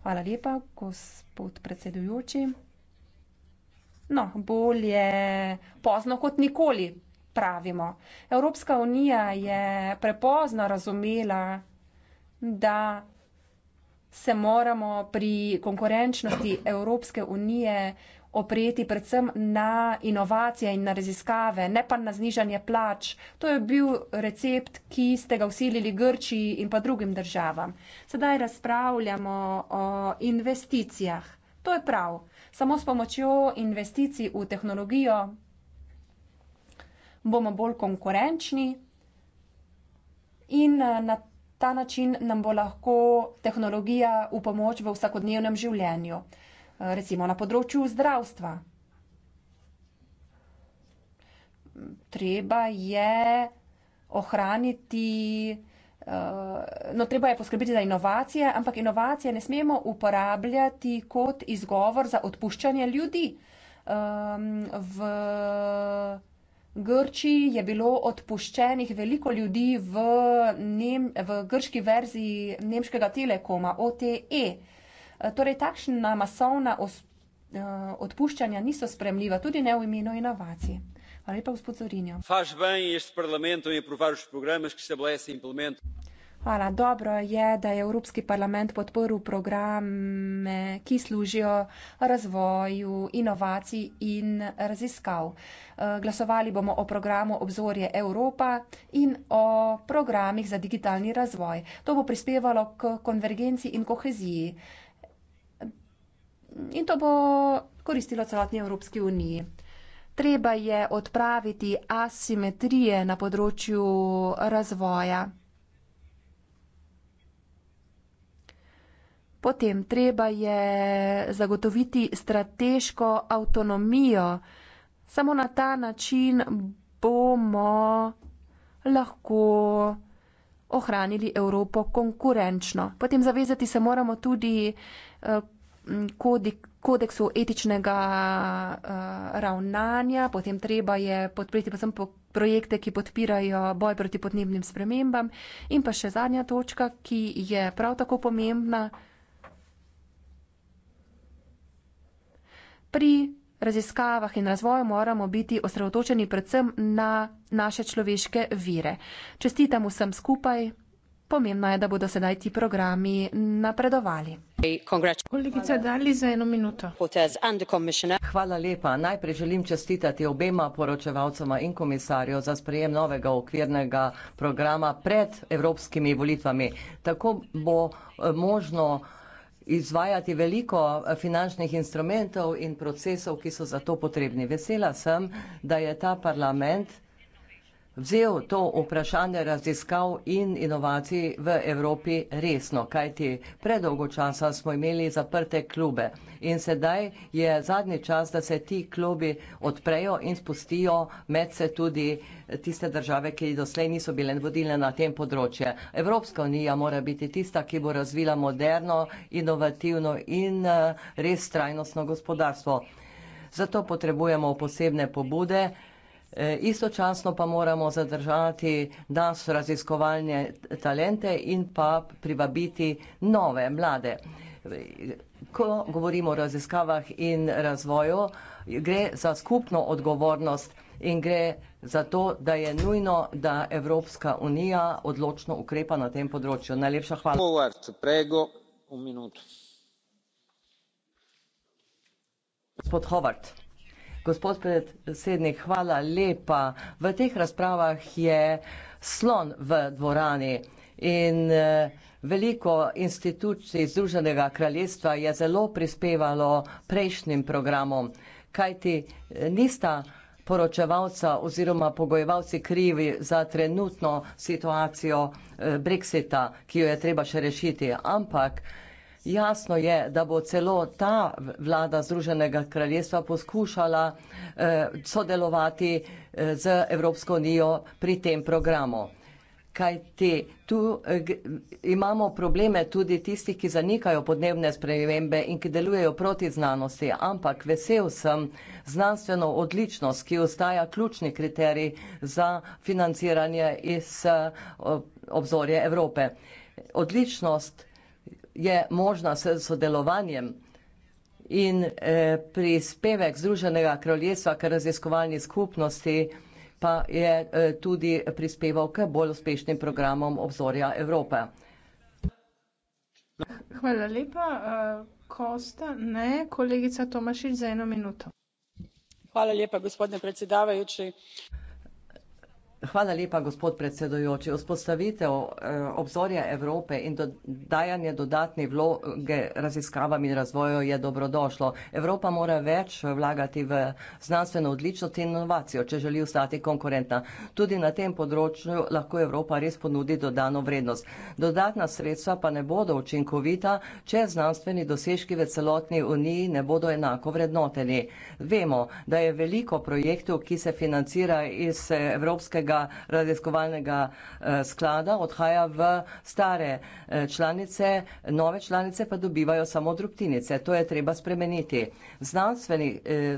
Hvala lepa, gospod predsedujoči. No, bolje pozno kot nikoli, pravimo. Evropska unija je prepozno razumela, da se moramo pri konkurenčnosti Evropske unije opreti predvsem na inovacije in na raziskave, ne pa na znižanje plač. To je bil recept, ki ste ga usilili Grčiji in pa drugim državam. Sedaj razpravljamo o investicijah. To je prav. Samo s pomočjo investicij v tehnologijo bomo bolj konkurenčni in eh, na ta način nam bo lahko tehnologija v pomoč v vsakodnevnem življenju, eh, recimo na področju zdravstva. Treba je ohraniti Eh, no, treba je poskrbeti za inovacije, ampak inovacije ne smemo uporabljati kot izgovor za odpuščanje ljudi. Um, v Grčiji je bilo odpuščenih veliko ljudi v, nem, v grški verziji nemškega telekoma OTE. Eh, torej, takšna masovna os, uh, odpuščanja niso spremljiva, tudi ne v imenu inovacij faz bem este parlamento em aprovar os programas que estabelece e implementa Hvala. Dobro je, da je Evropski parlament podporil programe, ki služijo razvoju inovacij in raziskav. Eh, glasovali bomo o programu Obzorje Evropa in o programih za digitalni razvoj. To bo prispevalo k konvergenci in koheziji. In to bo koristilo celotni Evropski uniji treba je odpraviti asimetrije na področju razvoja. Potem treba je zagotoviti strateško avtonomijo. Samo na ta način bomo lahko ohranili Evropo konkurenčno. Potem zavezati se moramo tudi eh, kodik kodeksu etičnega uh, ravnanja, potem treba je podpreti pa sem po projekte, ki podpirajo boj proti podnebnim spremembam. In pa še zadnja točka, ki je prav tako pomembna pri raziskavah in razvoju moramo biti osredotočeni predvsem na naše človeške vire. Čestitam vsem skupaj, pomembno je, da bodo sedaj ti programi napredovali. Hvala lepa. Najprej želim čestitati obema poročevalcema in komisarju za sprejem novega okvirnega programa pred evropskimi volitvami. Tako bo eh, možno izvajati veliko eh, finančnih instrumentov in procesov, ki so za to potrebni. Vesela sem, da je ta parlament vzel to vprašanje raziskav in inovacij v Evropi resno, kajti predolgo časa smo imeli zaprte klube in sedaj je zadnji čas, da se ti klubi odprejo in spustijo med se tudi tiste države, ki doslej niso bile vodilne na tem področju. Evropska unija mora biti tista, ki bo razvila moderno, inovativno in eh, res trajnostno gospodarstvo. Zato potrebujemo posebne pobude, E, istočasno pa moramo zadržati nas raziskovalne talente in pa privabiti nove, mlade. Ko govorimo o raziskavah in razvoju, gre za skupno odgovornost in gre za to, da je nujno, da Evropska unija odločno ukrepa na tem področju. Najlepša hvala. Gospod Howard. Gospod predsednik, hvala lepa. V teh razpravah je slon v dvorani in eh, veliko institucij Združenega kraljestva je zelo prispevalo prejšnjim programom, kajti eh, nista poročevalca oziroma pogojevalci krivi za trenutno situacijo eh, brexita, ki jo je treba še rešiti, ampak Jasno je, da bo celo ta vlada Združenega kraljestva poskušala eh, sodelovati eh, z Evropsko unijo pri tem programu. Kaj ti, tu eh, imamo probleme tudi tistih, ki zanikajo podnebne spremembe in ki delujejo proti znanosti, ampak vesel sem znanstveno odličnost, ki ostaja ključni kriterij za financiranje iz eh, obzorja Evrope. Odličnost je možna s sodelovanjem in eh, prispevek Združenega kraljestva k raziskovalni skupnosti pa je eh, tudi prispeval k bolj uspešnim programom obzorja Evrope. Hvala lepa. Uh, Kosta, ne, kolegica Tomašič za eno minuto. Hvala lepa, gospodine predsedavajući. Hvala lepa, gospod predsedujoči. Vzpostavitev eh, obzorja Evrope in do, dajanje dodatne vloge raziskavam in razvoju je dobrodošlo. Evropa mora več vlagati v znanstveno odličnost in inovacijo, če želi ostati konkurentna. Tudi na tem področju lahko Evropa res ponudi dodano vrednost. Dodatna sredstva pa ne bodo učinkovita, če znanstveni dosežki v celotni uniji ne bodo enako vrednoteni. Vemo, da je veliko projektov, ki se financira iz eh, Evropske tega radioaktivnega eh, sklada odhaja v stare eh, članice, nove članice pa dobivajo samo drobtinice. To je treba spremeniti. Znanstveni, eh,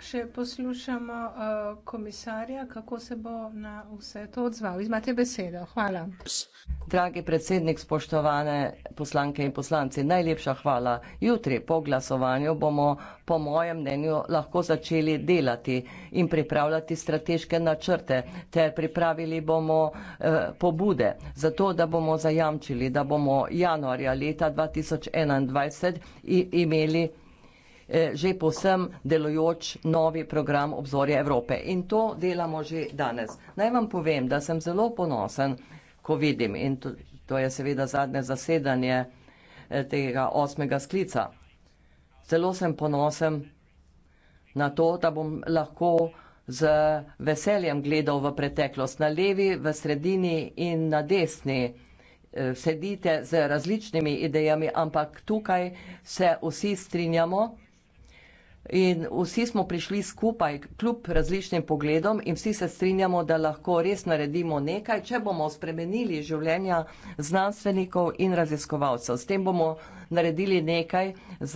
še poslušamo uh, komisarja, kako se bo na vse to odzval. Izmate besedo. Hvala. Dragi predsednik, spoštovane poslanke in poslanci, najlepša hvala. Jutri po glasovanju bomo, po mojem mnenju, lahko začeli delati in pripravljati strateške načrte, ter pripravili bomo eh, pobude za to, da bomo zajamčili, da bomo januarja leta 2021 imeli Eh, že posem delojoč novi program Obzorje Evrope. In to delamo že danes. Naj vam povem, da sem zelo ponosen, ko vidim, in to, to je seveda zadnje zasedanje eh, tega osmega sklica, zelo sem ponosen na to, da bom lahko z veseljem gledal v preteklost. Na levi, v sredini in na desni eh, sedite z različnimi idejami, ampak tukaj se vsi strinjamo, In vsi smo prišli skupaj, kljub različnim pogledom, in vsi se strinjamo, da lahko res naredimo nekaj, če bomo spremenili življenja znanstvenikov in raziskovalcev. S tem bomo naredili nekaj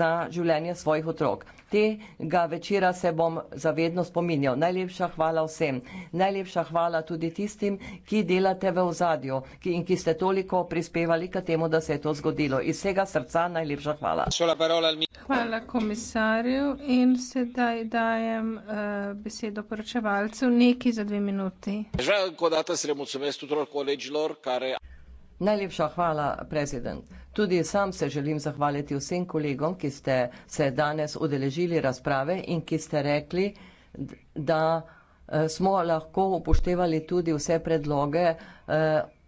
za življenje svojih otrok tega večera se bom zavedno spominjal. Najlepša hvala vsem. Najlepša hvala tudi tistim, ki delate v ozadju ki, in ki ste toliko prispevali k temu, da se je to zgodilo. Iz vsega srca najlepša hvala. Hvala komisarju in sedaj dajem uh, besedo poročevalcu neki za dve minuti. Najlepša hvala, predsednik. Tudi sam se želim zahvaliti vsem kolegom, ki ste se danes udeležili razprave in ki ste rekli, da eh, smo lahko upoštevali tudi vse predloge eh,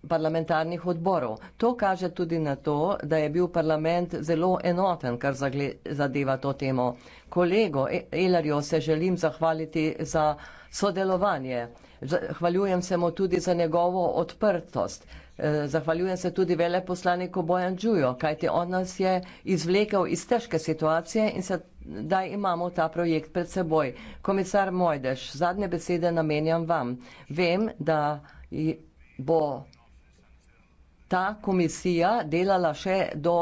parlamentarnih odborov. To kaže tudi na to, da je bil parlament zelo enoten, kar zadeva to temo. Kolego e-, Elarjo se želim zahvaliti za sodelovanje. Hvaljujem se mu tudi za njegovo odprtost. Eh, zahvaljujem se tudi veleposlaniku Bojan Đujo, kajti on nas je izvlekel iz težke situacije in sedaj imamo ta projekt pred seboj. Komisar Mojdeš, zadnje besede namenjam vam. Vem, da bo ta komisija delala še do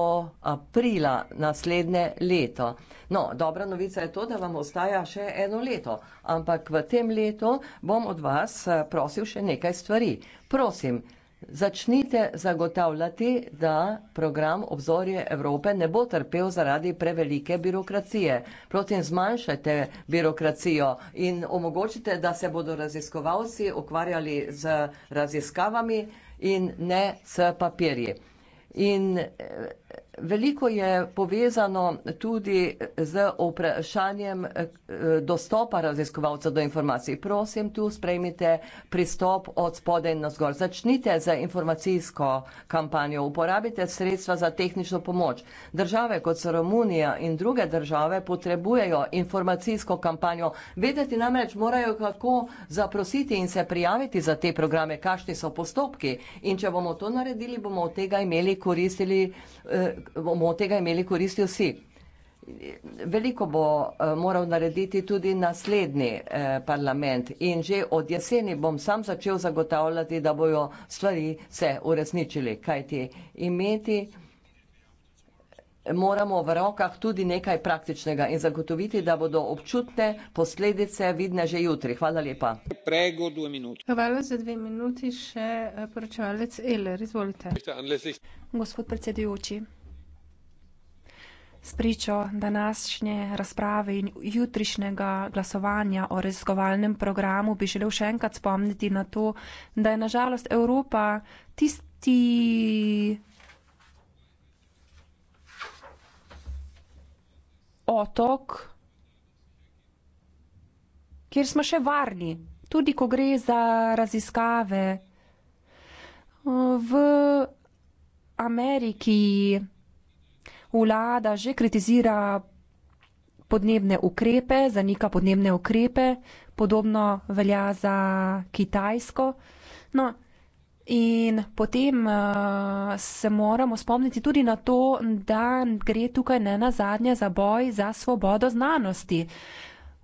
aprila naslednje leto. No, dobra novica je to, da vam ostaja še eno leto, ampak v tem letu bom od vas eh, prosil še nekaj stvari. Prosim, prosim. Začnite zagotavljati, da program obzorje Evrope ne bo trpel zaradi prevelike birokracije. Protim, zmanjšajte birokracijo in omogočite, da se bodo raziskovalci ukvarjali z raziskavami in ne s papirji. In eh, Veliko je povezano tudi z vprašanjem eh, dostopa raziskovalca do informacij. Prosim, tu sprejmite pristop od spodaj na zgor. Začnite z informacijsko kampanjo, uporabite sredstva za tehnično pomoč. Države kot so Romunija in druge države potrebujejo informacijsko kampanjo. Vedeti namreč morajo, kako zaprositi in se prijaviti za te programe, kakšni so postopki. In če bomo to naredili, bomo od tega imeli koristili. Eh, bomo od tega imeli koristi vsi. Veliko bo eh, moral narediti tudi naslednji eh, parlament in že od jeseni bom sam začel zagotavljati, da bojo stvari se uresničili, kajti imeti moramo v rokah tudi nekaj praktičnega in zagotoviti, da bodo občutne posledice vidne že jutri. Hvala lepa. Hvala za dve minuti še eh, poročevalec Eler. Izvolite. Gospod predsedujoči. Spričo današnje razprave in jutrišnjega glasovanja o raziskovalnem programu bi želel še enkrat spomniti na to, da je nažalost Evropa tisti. Otok, kjer smo še varni, tudi ko gre za raziskave. V Ameriki vlada že kritizira podnebne ukrepe, zanika podnebne ukrepe, podobno velja za Kitajsko. No, in potem uh, se moramo spomniti tudi na to, da gre tukaj ne na zadnje za boj za svobodo znanosti.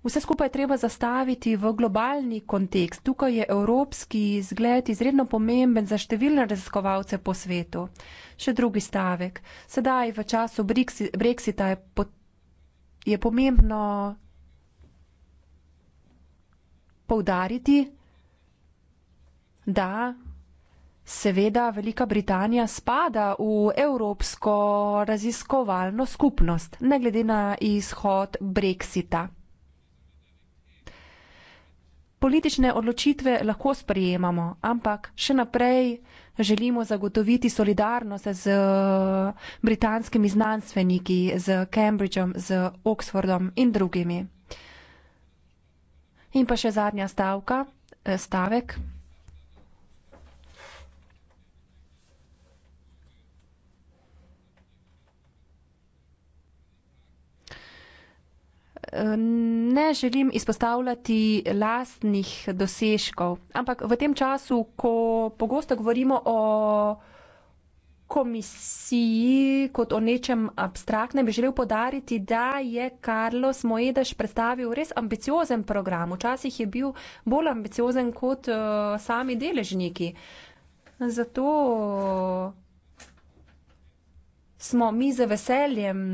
Vse skupaj je treba zastaviti v globalni kontekst. Tukaj je evropski zgled izredno pomemben za številne raziskovalce po svetu. Še drugi stavek. Sedaj v času Brexita je, po, je pomembno poudariti, da seveda Velika Britanija spada v Evropsko raziskovalno skupnost, ne glede na izhod Brexita politične odločitve lahko sprejemamo, ampak še naprej želimo zagotoviti solidarnost z eh, britanskimi znanstveniki, z Cambridgeom, z Oxfordom in drugimi. In pa še zadnja stavka, eh, stavek. ne želim izpostavljati lastnih dosežkov, ampak v tem času, ko pogosto govorimo o komisiji kot o nečem abstraktnem, bi želel podariti, da je Carlos Moedaš predstavil res ambiciozen program. Včasih je bil bolj ambiciozen kot uh, sami deležniki. Zato smo mi z veseljem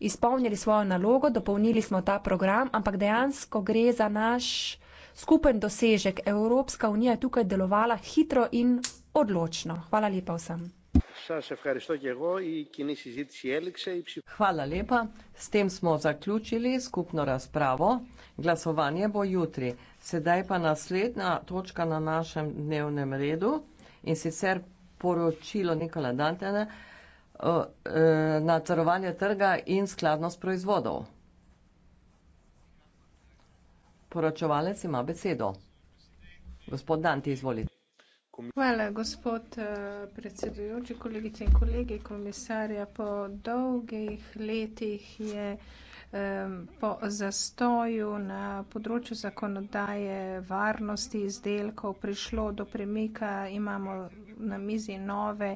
izpolnili svojo nalogo, dopolnili smo ta program, ampak dejansko gre za naš skupen dosežek. Evropska unija je tukaj delovala hitro in odločno. Hvala lepa vsem. Hvala lepa. S tem smo zaključili skupno razpravo. Glasovanje bo jutri. Sedaj pa naslednja točka na našem dnevnem redu in sicer poročilo Nikola Dantena uh, e, nadzorovanje trga in skladnost proizvodov. Poročevalec ima besedo. Gospod Dante, izvolite. Hvala, gospod e, predsedujoči, kolegice in kolegi, komisarja. Po dolgih letih je po zastoju na področju zakonodaje varnosti izdelkov prišlo do premika, imamo na mizi nove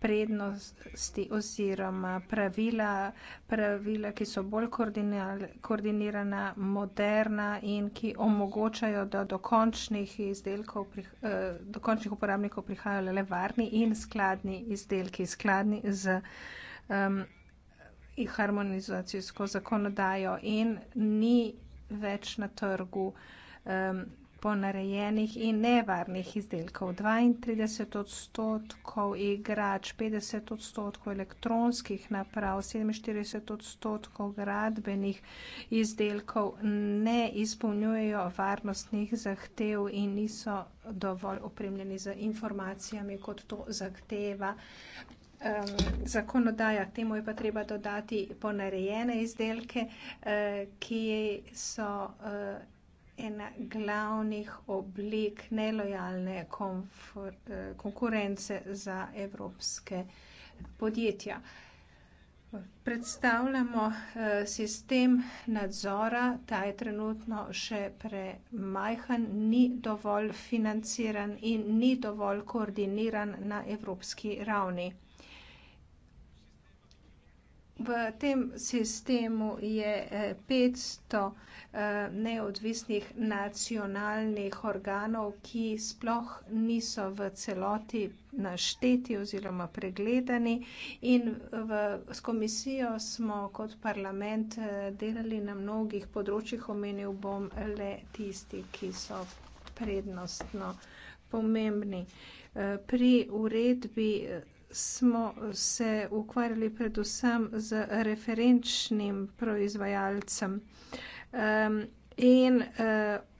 prednosti oziroma pravila, pravila, ki so bolj koordinirana, moderna in ki omogočajo, da do končnih izdelkov, do končnih uporabnikov prihajajo le varni in skladni izdelki, skladni z um, harmonizacijsko zakonodajo in ni več na trgu um, ponarejenih in nevarnih izdelkov. 32 odstotkov igrač, 50 odstotkov elektronskih naprav, 47 odstotkov gradbenih izdelkov ne izpolnjujejo varnostnih zahtev in niso dovolj opremljeni z informacijami, kot to zahteva um, zakonodaja, temu je pa treba dodati ponarejene izdelke, uh, ki so uh, ena glavnih oblik nelojalne konfor, uh, konkurence za evropske podjetja. Predstavljamo sistem nadzora, ta je trenutno še premajhan, ni dovolj financiran in ni dovolj koordiniran na evropski ravni. V tem sistemu je 500 eh, eh, neodvisnih nacionalnih organov, ki sploh niso v celoti našteti oziroma pregledani in v, s komisijo smo kot parlament eh, delali na mnogih področjih, omenil bom le tisti, ki so prednostno pomembni. Pri uredbi smo se ukvarjali predvsem z referenčnim proizvajalcem um, in uh,